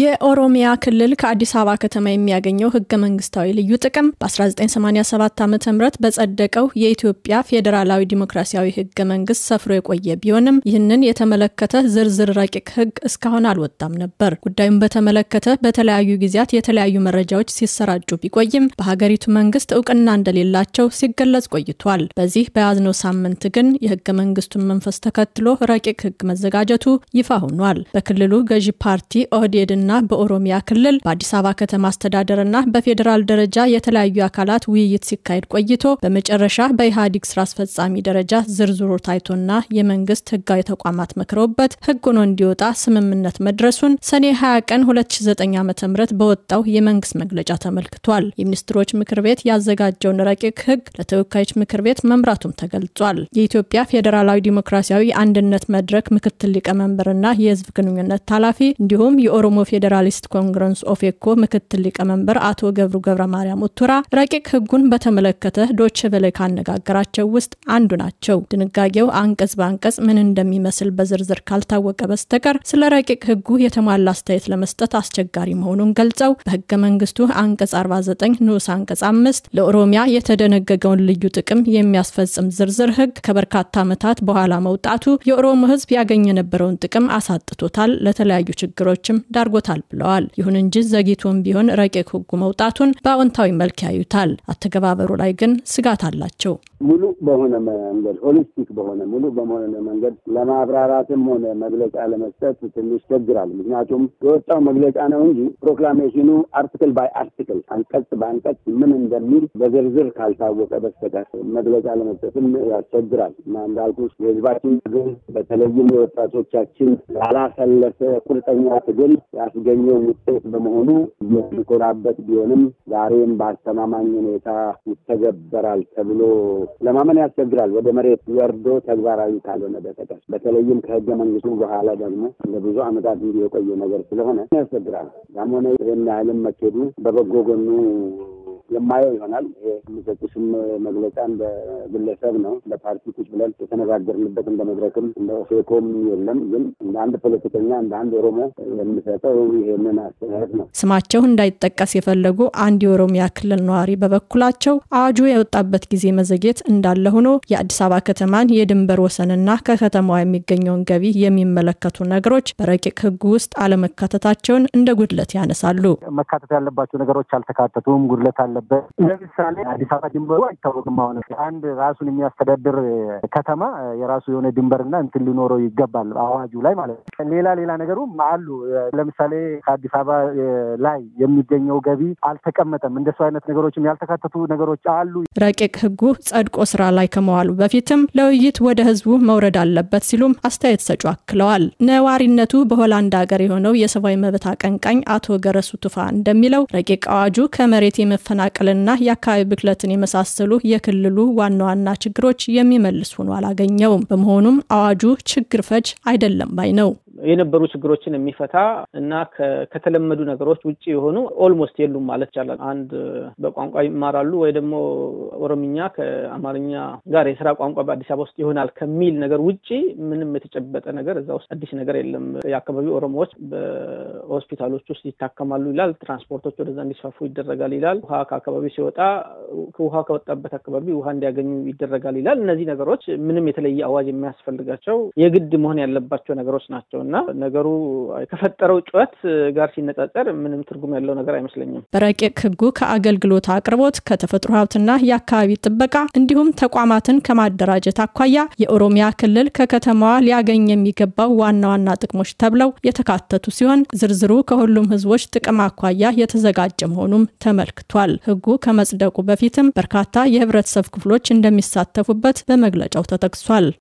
የኦሮሚያ ክልል ከአዲስ አበባ ከተማ የሚያገኘው ህገ መንግስታዊ ልዩ ጥቅም በ1987 ዓ ም በጸደቀው የኢትዮጵያ ፌዴራላዊ ዲሞክራሲያዊ ህገ መንግስት ሰፍሮ የቆየ ቢሆንም ይህንን የተመለከተ ዝርዝር ረቂቅ ህግ እስካሁን አልወጣም ነበር። ጉዳዩን በተመለከተ በተለያዩ ጊዜያት የተለያዩ መረጃዎች ሲሰራጩ ቢቆይም በሀገሪቱ መንግስት እውቅና እንደሌላቸው ሲገለጽ ቆይቷል። በዚህ በያዝነው ሳምንት ግን የህገ መንግስቱን መንፈስ ተከትሎ ረቂቅ ህግ መዘጋጀቱ ይፋ ሆኗል። በክልሉ ገዢ ፓርቲ ኦህዴድን በአማራና በኦሮሚያ ክልል በአዲስ አበባ ከተማ አስተዳደርና በፌዴራል ደረጃ የተለያዩ አካላት ውይይት ሲካሄድ ቆይቶ በመጨረሻ በኢህአዴግ ስራ አስፈጻሚ ደረጃ ዝርዝሩ ታይቶና የመንግስት ህጋዊ ተቋማት መክረውበት ህግ ሆኖ እንዲወጣ ስምምነት መድረሱን ሰኔ 20 ቀን 2009 ዓ ም በወጣው የመንግስት መግለጫ ተመልክቷል። የሚኒስትሮች ምክር ቤት ያዘጋጀውን ረቂቅ ህግ ለተወካዮች ምክር ቤት መምራቱም ተገልጿል። የኢትዮጵያ ፌዴራላዊ ዲሞክራሲያዊ አንድነት መድረክ ምክትል ሊቀመንበርና የህዝብ ግንኙነት ኃላፊ እንዲሁም የኦሮሞ ፌዴራሊስት ኮንግረስ ኦፌኮ ምክትል ሊቀመንበር አቶ ገብሩ ገብረ ማርያም ኡቱራ ረቂቅ ህጉን በተመለከተ ዶች በለ ካነጋገራቸው ውስጥ አንዱ ናቸው። ድንጋጌው አንቀጽ በአንቀጽ ምን እንደሚመስል በዝርዝር ካልታወቀ በስተቀር ስለ ረቂቅ ህጉ የተሟላ አስተያየት ለመስጠት አስቸጋሪ መሆኑን ገልጸው በህገ መንግስቱ አንቀጽ 49 ንዑስ አንቀጽ 5 ለኦሮሚያ የተደነገገውን ልዩ ጥቅም የሚያስፈጽም ዝርዝር ህግ ከበርካታ ዓመታት በኋላ መውጣቱ የኦሮሞ ህዝብ ያገኘ የነበረውን ጥቅም አሳጥቶታል፣ ለተለያዩ ችግሮችም ዳርጎ አድርጎታል ብለዋል። ይሁን እንጂ ዘግይቶም ቢሆን ረቂቅ ህጉ መውጣቱን በአዎንታዊ መልክ ያዩታል። አተገባበሩ ላይ ግን ስጋት አላቸው። ሙሉ በሆነ መንገድ ሆሊስቲክ በሆነ ሙሉ በሆነ መንገድ ለማብራራትም ሆነ መግለጫ ለመስጠት ትንሽ ቸግራል። ምክንያቱም የወጣው መግለጫ ነው እንጂ ፕሮክላሜሽኑ አርቲክል ባይ አርቲክል አንቀጽ በአንቀጽ ምን እንደሚል በዝርዝር ካልታወቀ በስተቀር መግለጫ ለመስጠትም ያስቸግራል እና እንዳልኩሽ የህዝባችን ትግል በተለይም የወጣቶቻችን ያላሰለሰ ቁርጠኛ ትግል ያስገኘው ውጤት በመሆኑ የሚኮራበት ቢሆንም ዛሬም በአስተማማኝ ሁኔታ ይተገበራል ተብሎ ለማመን ያስቸግራል ወደ መሬት ወርዶ ተግባራዊ ካልሆነ በተቀር በተለይም ከህገ መንግስቱ በኋላ ደግሞ ለብዙ አመታት እንዲህ የቆየ ነገር ስለሆነ ያስቸግራል። ያም ሆነ ይህን ያህልም መኬዱ በበጎ ጎኑ የማየው ይሆናል። የሚሰጡሽም መግለጫ እንደ ግለሰብ ነው። እንደ ፓርቲ ቁጭ ብለን የተነጋገርንበት እንደ መድረክም እንደ ኦፌኮም የለም። ግን እንደ አንድ ፖለቲከኛ እንደ አንድ ኦሮሞ የምሰጠው ይሄንን አስተያየት ነው። ስማቸው እንዳይጠቀስ የፈለጉ አንድ የኦሮሚያ ክልል ነዋሪ በበኩላቸው አዋጁ የወጣበት ጊዜ መዘግየት እንዳለ ሆኖ የአዲስ አበባ ከተማን የድንበር ወሰንና ከከተማዋ የሚገኘውን ገቢ የሚመለከቱ ነገሮች በረቂቅ ሕጉ ውስጥ አለመካተታቸውን እንደ ጉድለት ያነሳሉ። መካተት ያለባቸው ነገሮች አልተካተቱም። ጉድለት አለ ነበር። ለምሳሌ አዲስ አበባ ድንበሩ አይታወቅም። አሁን አንድ ራሱን የሚያስተዳድር ከተማ የራሱ የሆነ ድንበርና እንትን ሊኖረው ይገባል፣ አዋጁ ላይ ማለት ነው። ሌላ ሌላ ነገሩም አሉ። ለምሳሌ ከአዲስ አበባ ላይ የሚገኘው ገቢ አልተቀመጠም። እንደሱ አይነት ነገሮችም ያልተካተቱ ነገሮች አሉ። ረቂቅ ህጉ ጸድቆ ስራ ላይ ከመዋሉ በፊትም ለውይይት ወደ ህዝቡ መውረድ አለበት ሲሉም አስተያየት ሰጩ አክለዋል። ነዋሪነቱ በሆላንድ ሀገር የሆነው የሰብአዊ መብት አቀንቃኝ አቶ ገረሱ ቱፋ እንደሚለው ረቂቅ አዋጁ ከመሬት የመፈና መፈናቀልና የአካባቢ ብክለትን የመሳሰሉ የክልሉ ዋና ዋና ችግሮች የሚመልስ ሆኖ አላገኘውም። በመሆኑም አዋጁ ችግር ፈች አይደለም ባይ ነው። የነበሩ ችግሮችን የሚፈታ እና ከተለመዱ ነገሮች ውጭ የሆኑ ኦልሞስት የሉም ማለት ይቻላል። አንድ በቋንቋ ይማራሉ ወይ ደግሞ ኦሮምኛ ከአማርኛ ጋር የስራ ቋንቋ በአዲስ አበባ ውስጥ ይሆናል ከሚል ነገር ውጭ ምንም የተጨበጠ ነገር እዛ ውስጥ አዲስ ነገር የለም። የአካባቢው ኦሮሞዎች በሆስፒታሎች ውስጥ ይታከማሉ ይላል። ትራንስፖርቶች ወደዛ እንዲስፋፉ ይደረጋል ይላል። ውሃ ከአካባቢ ሲወጣ ውሃ ከወጣበት አካባቢ ውሃ እንዲያገኙ ይደረጋል ይላል። እነዚህ ነገሮች ምንም የተለየ አዋጅ የሚያስፈልጋቸው የግድ መሆን ያለባቸው ነገሮች ናቸው እና እና ነገሩ ከፈጠረው ጩኸት ጋር ሲነጻጸር ምንም ትርጉም ያለው ነገር አይመስለኝም። በረቂቅ ህጉ ከአገልግሎት አቅርቦት ከተፈጥሮ ሀብትና የአካባቢ ጥበቃ እንዲሁም ተቋማትን ከማደራጀት አኳያ የኦሮሚያ ክልል ከከተማዋ ሊያገኝ የሚገባው ዋና ዋና ጥቅሞች ተብለው የተካተቱ ሲሆን ዝርዝሩ ከሁሉም ህዝቦች ጥቅም አኳያ የተዘጋጀ መሆኑም ተመልክቷል። ህጉ ከመጽደቁ በፊትም በርካታ የህብረተሰብ ክፍሎች እንደሚሳተፉበት በመግለጫው ተጠቅሷል።